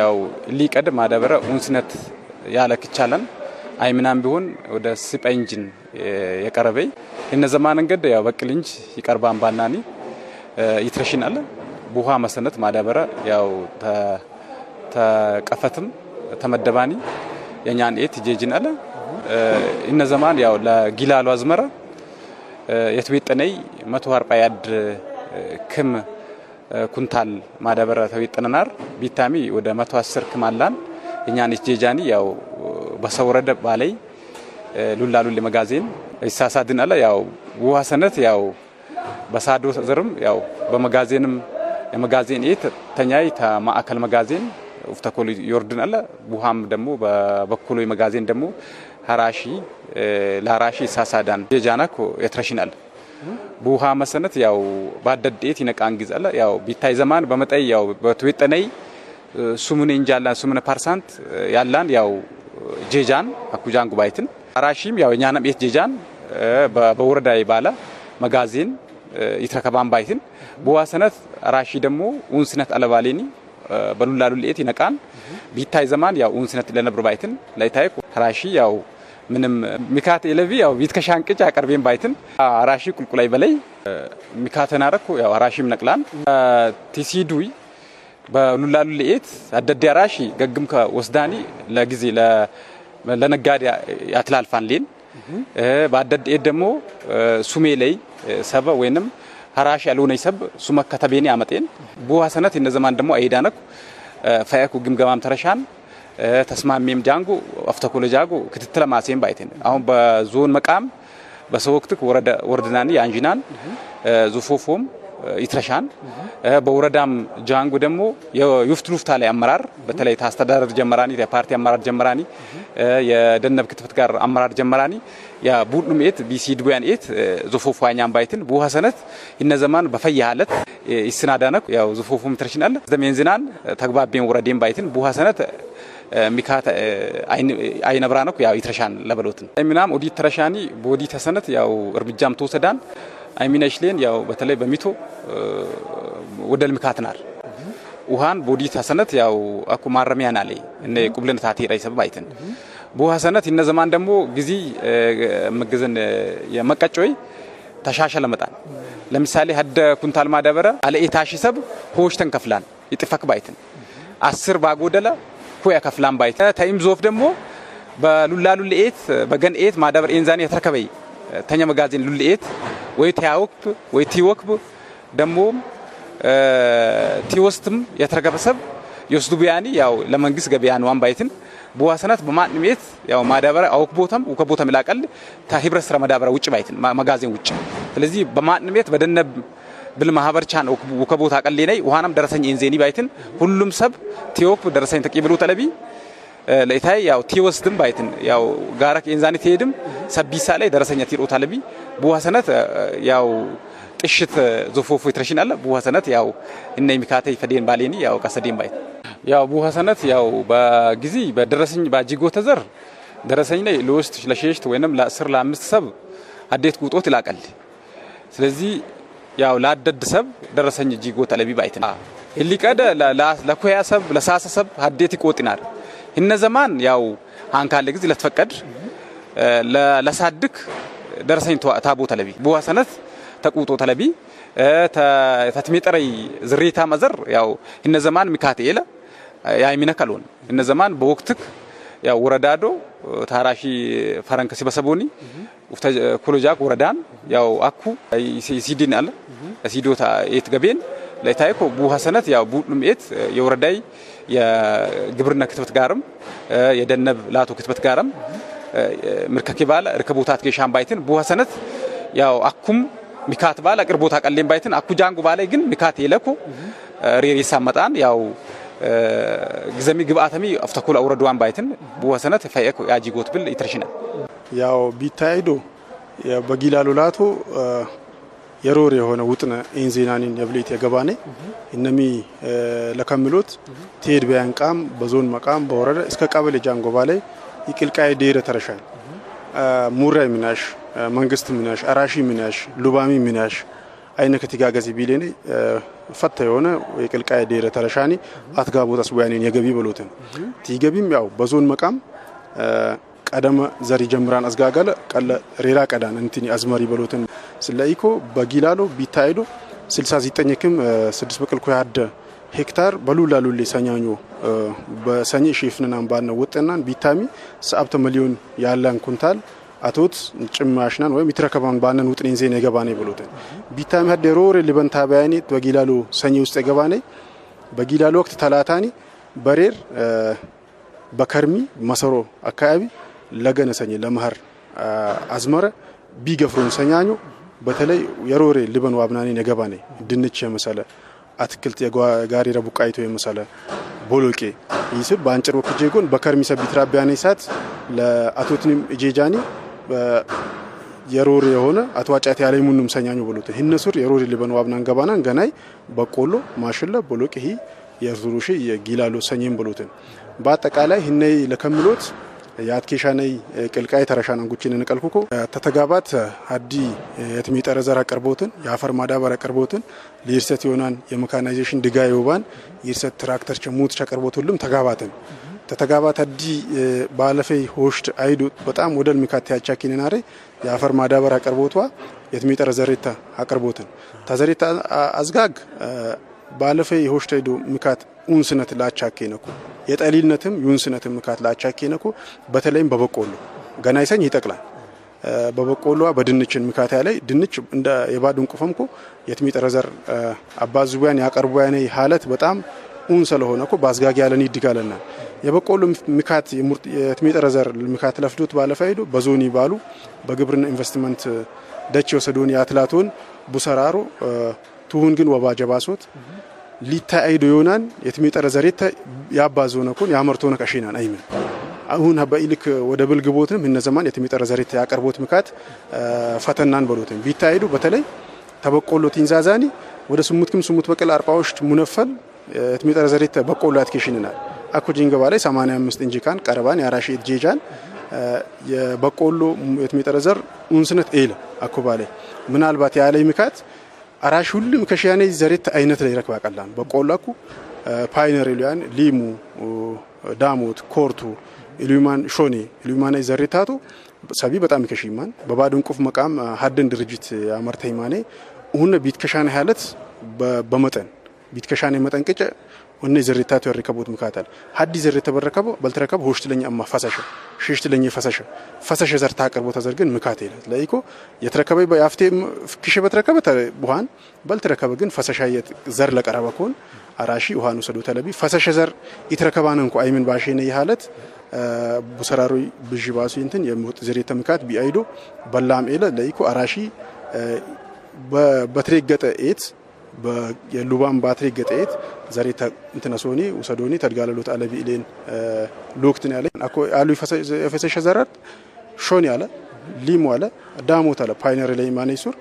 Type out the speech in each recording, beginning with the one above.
ያው ሊቀድ ማዳበረ ኡንስነት ያለክቻለን አይምናም ቢሆን ወደ ስጳንጅን የቀረበይ እነ ዘማን እንገድ ያው በቅል በቅልንጅ ይቀርባን ባናኒ ይትረሽናል ቡሃ መሰነት ማዳበረ ያው ተቀፈትም ተመደባኒ የኛን ኤት ጄጅናል እነ ዘማን ያው ለጊላሉ አዝመራ የትቤጠነይ መቶ አርጳ ያድ ክም ኩንታል ማዳበሪያ ተዊጥነናር ቢታሚ ወደ 110 ክማላን እኛን እጀጃኒ ያው በሰውረደ ባለይ ሉላ ሉል መጋዜን ይሳሳድን አለ ያው ውሃ ሰነት ያው በሳዶ ዘርም ያው በመጋዜንም የመጋዜን ኤት ተኛይ ተማእከል መጋዜን ውፍተኮሉ ይወርድን አለ ውሃም ደግሞ በበኩሉ መጋዜን ደግሞ ሀራሺ ላራሺ ይሳሳዳን ጀጃናኮ የትረሽናል ቡሃ መሰነት ያው ባደዴት ይነቃን ጊዘለ ያው ቢታይ ዘማን በመጠይ ያው በትዊጠነይ ሱሙን እንጃላን ሱሙነ ፓርሳንት ያላን ያው ጄጃን አኩጃን ጉባይትን አራሺም ያው እኛንም የት ጄጃን በወረዳይ ባለ መጋዚን ይትረከባን ባይትን ቡሃ ሰነት አራሺ ደግሞ ኡንስነት አለባሌኒ በሉላሉልኤት ይነቃን ቢታይ ዘማን ያው ኡንስነት ለነብር ባይትን ላይታይ አራሺ ያው ምንም ሚካት የለቪ ያው ቪትከሻንቅጭ አቀርቤን ባይትን አራሺ ቁልቁላይ በላይ ሚካተን አረኩ ያው አራሺም ነቅላን ቲሲዱይ በሉላሉ ለኤት አደዴ አራሺ ገግም ከወስዳኒ ለጊዜ ለነጋዴ ያትላልፋን ሌን በአደዴ ኤት ደግሞ ሱሜ ላይ ሰበ ወይንም አራሺ ያልሆነኝ ሰብ ሱመ ከተቤኔ አመጤን ቡሃ ሰነት እነዘማን ደግሞ አይዳነኩ ፈያኩ ግምገማም ተረሻን ተስማሚም ዳንጉ አፍተኮለ ጃጉ ክትትለ ማሴም ባይቴን አሁን በዞን መቃም በሰወክትክ ወረዳ ወርድናን ያንጂናን ዙፎፎም ይትረሻን በወረዳም ጃንጉ ደግሞ ሉፍታ ላይ አመራር በተለይ ታስተዳደር ጀመራኒ የፓርቲ አመራር ጀመራኒ የደነብ ክትፍት ጋር አመራር ጀመራኒ ያ ቡድኑም ኤት ቢሲ ድጉያን ኤት ዞፎፏኛም ባይትን ቡሃ ሰነት ይነዘማን በፈያ አለት ይስናዳነክ ያው ዞፎፎም ይትረሽናል ዘሜንዝናን ተግባቤን ወረዴም ባይትን ቡሃ ሰነት ሚካት አይነ ብራነኩ ያው ይትረሻን ለበሎትን አይሚናም ኦዲት ትረሻኒ ቦዲ ተሰነት ያው እርምጃም ተወሰዳን አይሚና ይሽሌን ያው በተለይ በሚቶ ወደ ሚካት ናር ውሃን ቦዲ ተሰነት ያው አኩ ማረሚያን አለ እነ ቁብለን ታቴ ራይ ሰብ አይተን ቡሃ ሰነት እነ ዘማን ደግሞ ጊዜ መግዘን የመቀጮይ ተሻሸ ለመጣን ለምሳሌ ሀደ ኩንታል ማዳበረ አለ ኤታሺ ሰብ ሆሽ ተንከፍላን ይጥፈክ ባይትን አስር ባጎደለ ኩያ ከፍላም ባይ ታይም ዞፍ ደግሞ በሉላ ሉልኤት በገን ኤት ማዳበር ኤንዛን የተረከበይ ተኛ መጋዜን ሉልኤት ወይ ታያወክብ ወይ ቲወክብ ደግሞ ቲወስትም የተረከበ ሰብ የወስዱ ቢያኒ ያው ለመንግስት ገበያን ዋን ባይትን በዋሰናት በማን ቤት ያው ማዳበሪያ አውክ ቦታም ወከ ቦታም ላቀል ታህብረ ስራ ማዳበሪያ ውጭ ባይትን መጋዜን ውጭ ስለዚህ በማን ቤት በደነብ ብል ብልማህበርቻን ውከቦት አቀሌነይ ውሃናም ደረሰኝ ኢንዜኒ ባይትን ሁሉም ሰብ ቴዎክ ደረሰኝ ተቂብሉ ተለቢ ለኢታይ ያው ቲወስድም ባይትን ያው ጋራክ ከኢንዛኒ ትሄድም ሰቢሳ ላይ ደረሰኛ ቲሮ ተለቢ በዋሰነት ያው ጥሽት ዞፎፎ ይትረሽናል በዋሰነት ያው እነ ሚካተይ ፈዴን ባሌኒ ያው ቀሰዴን ባይት ያው በዋሰነት ያው በጊዜ በደረሰኝ ባጂጎ ተዘር ደረሰኝ ላይ ለውስጥ ለሸሽት ወይንም ለአስር ለአምስት ሰብ አዴት ቁጦት ይላቀል ስለዚህ ያው ለአደድ ሰብ ደረሰኝ እጅ ጎተ ለቢ ባይትና ህሊ ቀደ ለኮያ ሰብ ለሳሰ ሰብ ሀዴት ይቆጥናል እነ ዘማን ያው አንካለ ጊዜ ለተፈቀድ ለሳድክ ደረሰኝ ታቦ ተለቢ ቡዋ ሰነት ተቁጦ ተለቢ ተትሜጠረይ ዝሪታ መዘር ያው እነ ዘማን ሚካቴኤለ ያይሚነከሉን እነ ዘማን በወቅትክ ያ ወረዳዶ ታራፊ ፈረንከ ሲበሰቡኒ ኡፍተ ኮሎጃክ ወረዳን ያው አኩ ሲዲን አለ ሲዶታ ኤት ገቤን ለታይኮ ሰነት ያው ቡድም ኤት የወረዳይ የግብርና ክትበት ጋርም የደነብ ላቶ ክትበት ጋርም ምርከኪ ባለ ርከቦታት ጌሻን ባይትን ቡሃ ሰነት ያው አኩም ሚካት ባለ ቅርቦታ ቀሌን ባይትን አኩ ጃንጉ ባለ ግን ሚካት የለኩ ሬሬሳ መጣን ያው ግዘሚ ግብአተሚ አፍተ ኩል አውረድ ዋን ባይትን ብወሰነት ፈየኩ ያጂ ጎት ብል ይትርሽነ ያው ቢታይዱ በጊላሉ የሮር የሆነ ውጥነ ኢንዜናኒን የብሌት የገባኔ እነሚ ለከምሎት ቴድ በያንቃም በዞን መቃም በወረዳ እስከ ቀበሌ ጃንጎባ ላይ ይቅልቃይ ዴረ ተረሻል ሙራይ ምናሽ መንግስት ምናሽ አራሺ ምናሽ ሉባሚ ምናሽ አይነ ከቲጋገዚ ቢሌኔ ፈታ የሆነ የቅልቃይ ዴረ ተረሻኒ አትጋ ቦታስ ወያኔን የገቢ በሎትን ቲገቢም ያው በዞን መቃም ቀደመ ዘሪ ጀምራን አስጋጋለ ቀለ ሬራ ቀዳን እንትን አዝመሪ በሎትን ስለኢኮ በጊላሎ ቢታይዶ 69 ክም 6 በቅል ኩያደ ሄክታር በሉላ ሉሌ ሰኛኞ በሰኝ ሼፍነናን ባነ ወጠናን ቢታሚ ሰአብተ ሚሊዮን ያላን ኩንታል አቶት ጭማሽናን ወይም ይትረከባን ባነን ውጥኔን ዜን የገባኔ ብሎት ቢታም ሀደ ሮር ሊበንታ ታቢያኔ በጊላሉ ሰኝ ውስጥ የገባኔ በጊላሉ ወቅት ተላታኒ በሬር በከርሚ መሰሮ አካባቢ ለገነ ሰኝ ለመኸር አዝመረ ቢገፍሩን ሰኛኙ በተለይ የሮሬ ልበን ዋብናኔን የገባኔ ድንች የመሰለ አትክልት የጋሪ ረቡቃይቶ የመሰለ ቦሎቄ ይስብ በአንጭር ወክጄ ጎን በከርሚሰ ቢትራቢያኔ ሳት ለአቶትንም እጄጃኔ የሮር የሆነ አትዋጫት ያለ ሙንም ሰኛኙ ብሎት ይህነ ሱር የሮር ሊበን ዋብናን ገባና ገናይ በቆሎ ማሽለ ቦሎቅ ሂ የዙሩሺ የጊላሎ ሰኝም ብሎትን በአጠቃላይ ህነ ለከምሎት የአትኬሻነይ ቅልቃይ ተረሻና ጉችን እንቀልኩኮ ተተጋባት አዲ የትሚጠረ ዘር አቅርቦትን የአፈር ማዳበር አቅርቦትን ሊርሰት የሆናን የመካናይዜሽን ድጋ የውባን ይርሰት ትራክተር ቸሙት ቸቅርቦት ሁሉም ተጋባትን ተተጋባት አዲ ባለፈይ ሆሽት አይዱ በጣም ወደል ሚካት ያቻኪን ናሬ የአፈር ማዳበር አቅርቦቷ የትሚጠረ ዘሬታ አቅርቦትን ታዘሬታ አዝጋግ ባለፈይ ሆሽት አይዱ ሚካት ኡንስነት ነኩ የጠሊልነትም ዩንስነትም ምካት ነኩ በተለይም በበቆሎ ገና ይሰኝ ይጠቅላል በበቆሎዋ በድንችን ምካታ ያለ ድንች እንደ የባዱን ቁፈምኩ የትሚጠረ ዘር አባዙቢያን ያቀርቡያን ሀለት በጣም ኡን ስለሆነኩ በአዝጋጊ ያለን ይድጋለናል የበቆሎ ምካት የትሜጠረ ዘር ምካት ለፍዶት ባለፈ ሄዶ በዞን ይባሉ በግብርና ኢንቨስትመንት ደች የወሰዶን የአትላቶን ቡሰራሮ ትሁን ግን ወባ ጀባሶት ሊታይዶ ይሆናን የትሜጠረ ዘሬታ ዞነ ኮን ነ ቀሽናን አይምን አሁን በኢልክ ወደ እነ ዘማን የትሜጠረ ዘሬታ ያቀርቦት ምካት ፈተናን በሎትም ቢታይዶ በተለይ ተበቆሎ ቲንዛዛኒ ወደ ስሙት ክም ስሙት በቀል አርጳዎች ሙነፈል የትሜጠረ ዘሬታ በቆሎ አትኬሽንናል አኩጂን ገባ ላይ 85 እንጂካን ቀረባን የአራሺ ጄጃን የበቆሎ የትሚጠረዘር ኡንስነት ኤል አኩባ ላይ ምናልባት ያለ ምካት አራሽ ሁሉም ከሽያኔ ዘሬት አይነት ላይ ረክባ ቀላን በቆሎ አኩ ፓይነር ኢሉያን ሊሙ ዳሞት ኮርቱ ኢሉማን ሾኔ ኢሉማን ዘሬታቱ ሰቢ በጣም ከሽማን በባድን ቁፍ መቃም ሀደን ድርጅት አመርተይማኔ ሁነ ቢትከሻነ ያለት በመጠን ቢትከሻኔ መጠን ቅጨ ወነ ዘሬታቱ ያሪከቡት ምካታል ሀዲ ዘሬተ በረከቡ በልተረከቡ ሆሽት ለኛ አማ ፈሰሸ ሽሽት ለኛ ፈሰሸ ፈሰሸ ዘርታ አቅርቦ ተዘርግን ምካቴ ይላል ለይኮ የተረከበ በአፍቴ ክሽ በተረከበ ተቡሃን በልተረከበ ግን ፈሰሻ ዘር ለቀረበ ኮን አራሺ ውሃኑ ሰዶ ተለቢ ፈሰሸ ዘር ይተረከባን እንኳ አይምን ባሽነ ይሃለት ቡሰራሩ ብዥ እንትን የሞት ዘሬተ ምካት ቢአይዶ በላም ኤለ ለይኮ አራሺ በትሬገጠ ኤት የሉባን ባትሪ ገጠኤት ዘሬ እንትነሶኒ ውሰዶኒ ተድጋለሎት አለቢ ኢሌን ሉክትን ያለ አኮ አሉ የፈሰሸ ዘራት ሾን ያለ ሊሙ አለ ዳሞት አለ ፓይነር ላይ ማኔ ሱር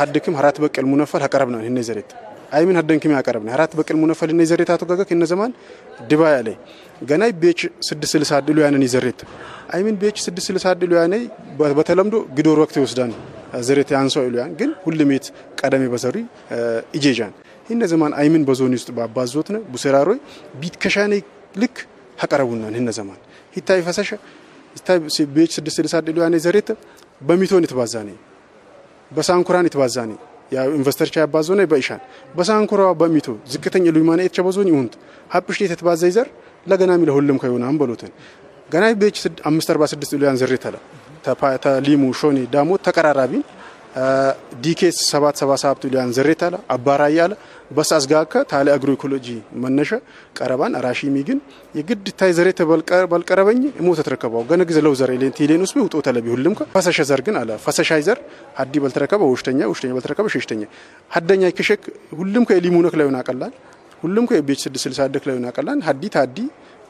ሀድክም ሀራት በቀል ሙነፈል ሀቀረብ ነው እነ ዘሬት አይምን ሀደንክም ያቀረብ ነው ሀራት በቀል ሙነፈል እነ ዘሬት አቶ ጋጋ ከነ ዘማን ድባ ያለ ገናይ ቤች 660 ድሉ ያነን ይዘሬት አይምን ቤች 660 ድሉ ያነይ በተለምዶ ግዶር ወቅት ይወስዳን ዝሬት ያንሰው ኢሉያን ግን ሁልሜት ቀደም በሰሪ እጄጃን ህነ ዘማን አይምን በዞን ውስጥ ባባዞት ባባዞትነ ቡሴራሮይ ከሻኔ ልክ ሀቀረቡናን ህነ ዘማን ሂታይ ፈሰሸ ስታይ ቤች ስድስት ስልሳ ኢሉያኔ ዘሬት በሚቶን ይትባዛኔ በሳንኩራን ይትባዛኔ ያ ኢንቨስተር ቻ ያባዞ ያባዞነ በኢሻን በሳንኩራ በሚቶ ዝቅተኛ ኢሉማኔ ኤትቸ በዞን ይሁንት ሀፕሽ የተባዘ ይዘር ለገናሚ ለሁሉም ከሆነ አንበሎትን ገና ቤች 546 ኢሉያን ዘሬት አላ ተሊሙ ሾኔ ዳሞ ተቀራራቢ ዲኬስ 777 ሊያን ዘሬታለ አባራያለ በሳስ ጋከ ታለ አግሮ ኢኮሎጂ መነሸ ቀረባን አራሺ ሚግን የግድ ታይ ዘሬ ተበልቀር በልቀረበኝ ሞ ተተረከባው ገነ ግዘ ለው ዘሬ ለንቲ ለንስ ቢውጦ ውጦ ተለብ ሁሉም ከ ፈሰሸ ዘር ግን አለ ፈሰሻይ ዘር ሀዲ በልተረከበ ወሽተኛ ወሽተኛ በልተረከበ ሸሽተኛ ሀደኛ ይከሸክ ሁሉም ከሊሙ ነክ ላይ ናቀላል ሁሉም ከ ቤች 660 ደክ ላይ ናቀላል ሀዲ ታዲ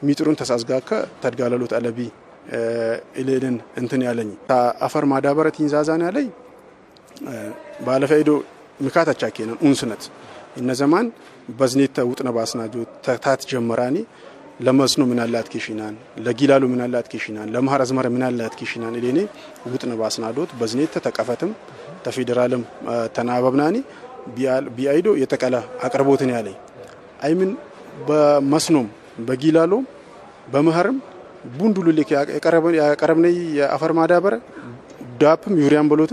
ሚጥሩን ተሳስጋከ ተድጋለሎት አለቢ እልልን እንትን ያለኝ አፈር ማዳበረት ይንዛዛን ያለኝ ባለፈ ሄዶ ምካታቻ ኬነን ኡንስነት እነ ዘማን በዝኔት ተውጥነ ባስናጆ ተታት ጀመራኒ ለመስኖ ምን አላት ኪሽናን ለጊላሉ ምን አላት ኪሽናን ለማህረዝመር ምን አላት ኪሽናን እሌኔ ውጥነ ባስናዶት በዝኔት ተተቀፈትም ተፌዴራልም ተናበብናኒ ቢአይዶ የተቀለ አቅርቦትን ያለኝ አይምን በመስኖም በጊላሎም በመኸርም ቡንዱሉ ልክ ያቀረብነ የአፈር ማዳበረ ዳፕም ዩሪያን በሎት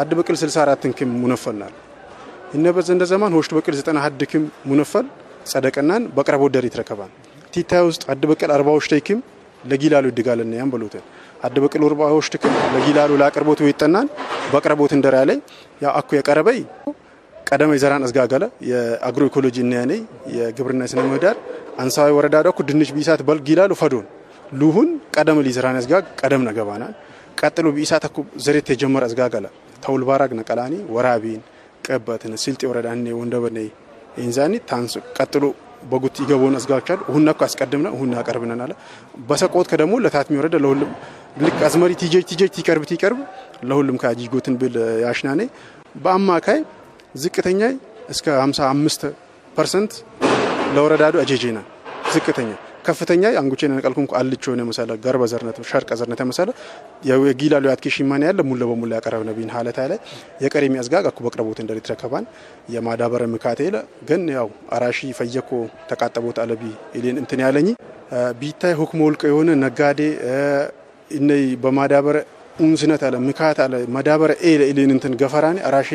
አድ በቅል 64 ክም ሙነፈልናል በዘ እንደ ዘማን ሆሽት በቅል 91 ክም ሙነፈል ጸደቀናን በቅረብ ወደር ይትረከባል ቲታይ ውስጥ አድ በቅል 40 ሆሽት ክም ለጊላሉ ይድጋለን ያን በሎት አድ በቅል 40 ሆሽት ክም ለጊላሉ ላቅርቦት ይጠናን በቅረቦት እንደራ ላይ ያ አኩ የቀረበይ ቀደመ ይዘራን አስጋገለ የአግሮ ኢኮሎጂ እና ያኔ የግብርና ስነ ምህዳር አንሳዊ ወረዳ ዳኩ ድንሽ ቢሳት በልግ ይላሉ ፈዶን ሉሁን ቀደም ሊዝራን ዝጋ ቀደም ነገባናል ቀጥሎ ቢኢሳ ተኩ ዘሬት የጀመረ ዝጋ ገለ ተውልባራግ ነቀላኒ ወራቢን ቀበትን ስልጤ ወረዳኔ ወንደበነ ኢንዛኒ ታንስ ቀጥሎ በጉት ይገቦን አስጋቻል ሁን ነኩ አስቀድምና ሁን ያቀርብናል አለ በሰቆት ከደሞ ለታትሚ ወረደ ለሁሉም ልክ አዝመሪ ቲጄ ቲጄ ቲቀርብ ቲቀርብ ለሁሉም ካጂ ጎትን ብል ያሽናኔ በአማካይ ዝቅተኛ እስከ 55% ለወረዳዱ አጀጄና ዝቅተኛ ከፍተኛ አንጉቼን ነቀልኩን አልቾ ነው መሰለ ገርበ ዘርነት ሸርቀ ዘርነት መሰለ የጊላሉ ያትኪሽ ማን ያለ ሙሉ በሙሉ ያቀረብነ ቢን ሀለታ ላይ የቀሪሚ አዝጋግ ጋኩ በቅረቦት እንደሪ ተከባን የማዳበረ ምካቴለ ግን ያው አራሺ ፈየኮ ተቃጠቦት አለቢ ኢሊን እንትን ያለኝ ቢታይ ሁክም ወልቀ የሆነ ነጋዴ እነ በማዳበረ ኡንስነት አለ ምካት አለ ማዳበረ ኤለ ኢሊን እንትን ገፈራኔ አራሺ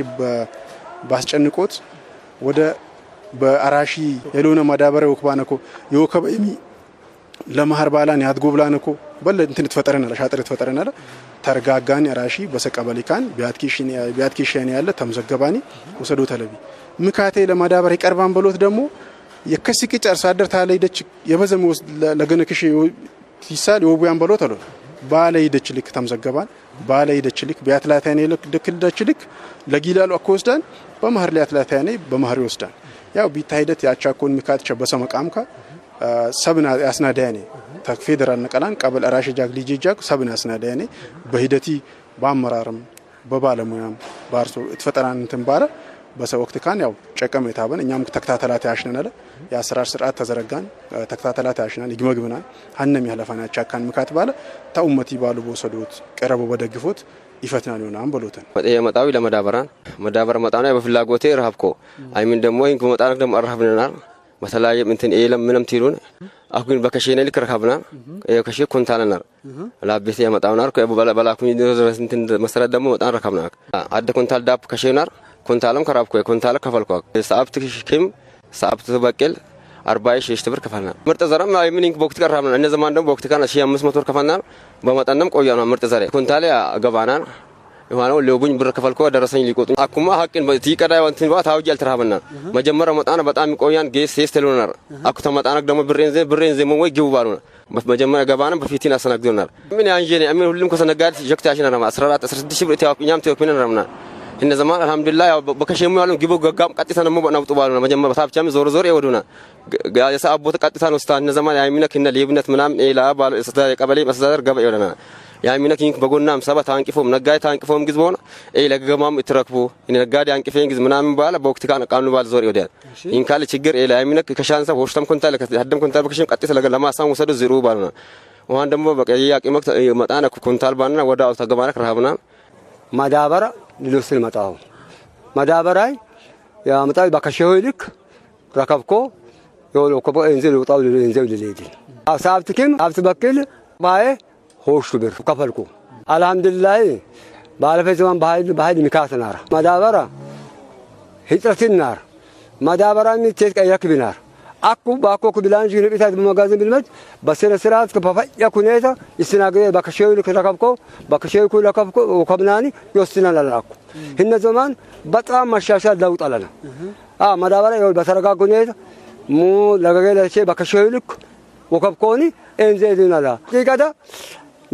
ባስጨንቆት ወደ በአራሺ የሎነ ማዳበረ ወክባነኮ የወከበ የሚ ለማህር ባላን ያድጎ ብላን እኮ በለ እንትን ትፈጠረናለ ሻጥር ትፈጠረናለ ተርጋጋን ራሺ በሰቀበሊካን ቢያትኪሽን ያለ ተምዘገባኒ ወሰዶ ተለቢ ምካቴ ለማዳበር ይቀርባን በሎት ደግሞ የከሲቂ ጨርሳ አደር ታለይደች የበዘም ለገነክሽ ይሳል የወቡያን በሎት ባለ ይደች ልክ ተምዘገባን ባለ ይደች ልክ ቢያትላታኔ ልክልደች ልክ ለጊላሉ አኮ ወስዳን በማህር ሊያትላታኔ በማህር ይወስዳን ያው ቢታ ሂደት ያቻኮን ምካት ቸበሰ መቃምካ ሰብን ያስናዳያኔ ተክፌ ደራነ ቀበል ራሽ ጃግ ልጅ ጃግ ሰብን ያስናዳያኔ በሂደቲ በአመራርም በባለሙያም ባርሶ እትፈጠናን እንትን ባረ በሰው ወቅት ካን ያው ጨቀም የታበን እኛም ተከታተላት ያሽነናል የአሰራር ስርዓት ተዘረጋን ተከታተላት ያሽናል ይግመግብና ሀነም ያለፋን ያቻካን ምካት ባለ ተውመት ይባሉ በወሰዱት ቀረቡ በደግፎት ይፈትናል ይሆናል ብሎትን ወጤ መጣዊ ለመዳበራን መዳበር መጣና በፍላጎቴ ረሀብኮ አይሚን ደግሞ ይንኩ መጣ ደግሞ ረሀብንናል በተለያየም እንትን የለም ምንም ትሉን አኩን በከሼነ ልክ ረከብና ከሼ ኮንታለናር ላቤት ያመጣውናር በላኩኝ እንትን መሰረት ደግሞ በጣም ረከብና አደ ኮንታል ዳፕ ከሼናር ኮንታለም ከራብኮ ኮንታለ ከፈልኳ ሰአብት ሽኪም ሰአብት በቅል አርባ ሺህ ብር ከፈልና ምርጥ ዘረም ምን በወቅት ቀረብና እነ ዘማን ደግሞ በወቅት ቀ ሺ አምስት መቶ ብር ከፈልናል። በመጠንም ቆያ ነው ምርጥ ዘሬ ኮንታሌ ገባናል የሆነው ሎጉኝ ብር ከፈልኮ ደረሰኝ ሊቆጡ አኩማ ሀቅን ቲቀዳ ወንትን ባ ታውጅ አልተራበና መጀመሪያ መጣና በጣም ይቆያን ጌስ ሴስ ተሎናር አኩ ተመጣና ደግሞ ብሬን ዘ ብሬን ዘ ወይ ግቡ ባሉና መጀመሪያ ገባና በፊቲን አሰናግዶናል ምን ያንጄ ነኝ አሚን ሁሉም ከሰነጋድ ጀክታ ያሽና ነው 14 16 ሺህ ብር ታውቁኛም ተወክሚና ነውና እነ ዘማን አልሐምዱሊላህ ያው በከሸሙ ያለው ግቦ ገጋም ቀጥታ ነው ናውጡ ባሉና መጀመሪያ ታብቻም ዞር ዞር ይወዱና የሰዓት ቦታ ቀጥታ ነው ስታ እነ ዘማን ያሚነክ እነ ሌብነት ምናም ኢላ ባሉ ስታ ቀበሌ መስተዳደር ገበ ይወደና ያሚነ ኪንክ በጎናም ሰባት አንቅፎም ነጋዴ ታንቅፎም ግዝ በሆነ ኤ ለገማም እትረክቡ ነጋዴ አንቅፌን ግዝ ምናምን በኋላ በወቅት ካን ቃኑ ባል ዞር ይወዲያ ኢንካል ችግር ኤ ለያሚነ كنتر لك هدم كنتر ኮንታል በክሽም ቀጥተ لما سام ወሰዱ زرو ባሉና وان دمو بقي ياك مكت متانا كنتر بانا ودا تجمعك رهبنا مدابرة للوس المتاو مدابرة يا متاو بكشيو لك ركبكو يقولوا كبو انزلوا طاولوا انزلوا لليدي أصابتكم أصابت بكل ሆሹ ብር ከፈልኩ አልሐምዱላይ ባለፈ ዘመን ባህል ሚካት ናር መዳበራ ህጥረትን ናር መዳበራ ሚቴት ቀየክ ቢናር አኩ ባኮ ክብላን ጅን ቢታ በመጋዘን ቢልመት በሰነ ስርዓት ከፈፈያ ኩኔታ ይስናገየ በከሸዩ ለከብኮ በከሸዩ ለከብኮ ወከብናኒ ይወስናል አላኩ እነ ዘመን በጣም መሻሻል ለውጥ አለና አ መዳበራ ይወል በተረጋጋ ሁኔታ ሙ ለገገለ ሸ በከሸዩ ልክ ወከብኮኒ እንዘይዱናላ ይቀዳ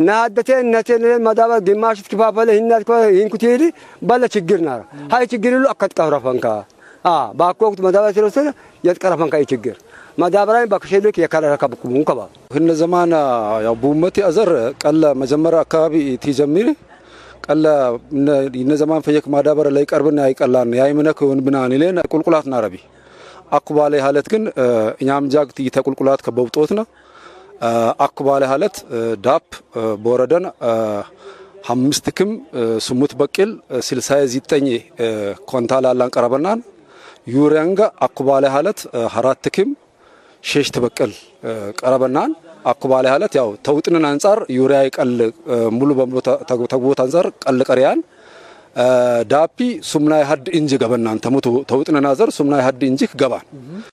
ናደቴ ነቴ መዳበር ግማሽ ትከፋፈለ ህናት ኮ ይንኩቴሊ ባለ ችግር ናራ ሃይ ችግር ሁሉ አከት ቀረፈንካ አ ባኮክት መዳበር ሲሮሰለ የትቀረፈንካ ይህ ችግር መዳበራን በከሸልክ የከረከብኩ ሙንከባ ህነ ዘማና ያው ቡመቲ አዘር ቀለ መጀመሪያ አካባቢ ትጀምሪ ቀለ እነ ዘማን ፈየክ ማዳበር ላይ ቀርብና አይቀላን ያይምነክ ወንብና ንሌን ቁልቁላት ናረቢ አኩባለ ሀለት ግን እኛም ጃግት ይተቁልቁላት ከበብጦት ነው አኩባለ ሀለት ዳፕ በወረደን አምስት ክም ስሙት በቅል ስልሳይ ዚጠኝ ኮንታል አላን ቀረበናን ዩሪያንጋ አኩባለ ሀለት አራት ክም ሸሽት በቅል ቀረበናን አኩባለ ሀለት ያው ተውጥንን አንጻር ዩሪያ ይቀል ሙሉ በሙሉ ተግቦት አንጻር ቀል ቀሪያን ዳፒ ሱምናይ ሀድ እንጂ ገበናን ተሙቱ ተውጥንን አዘር ሱምናይ ሀድ እንጂ ገባን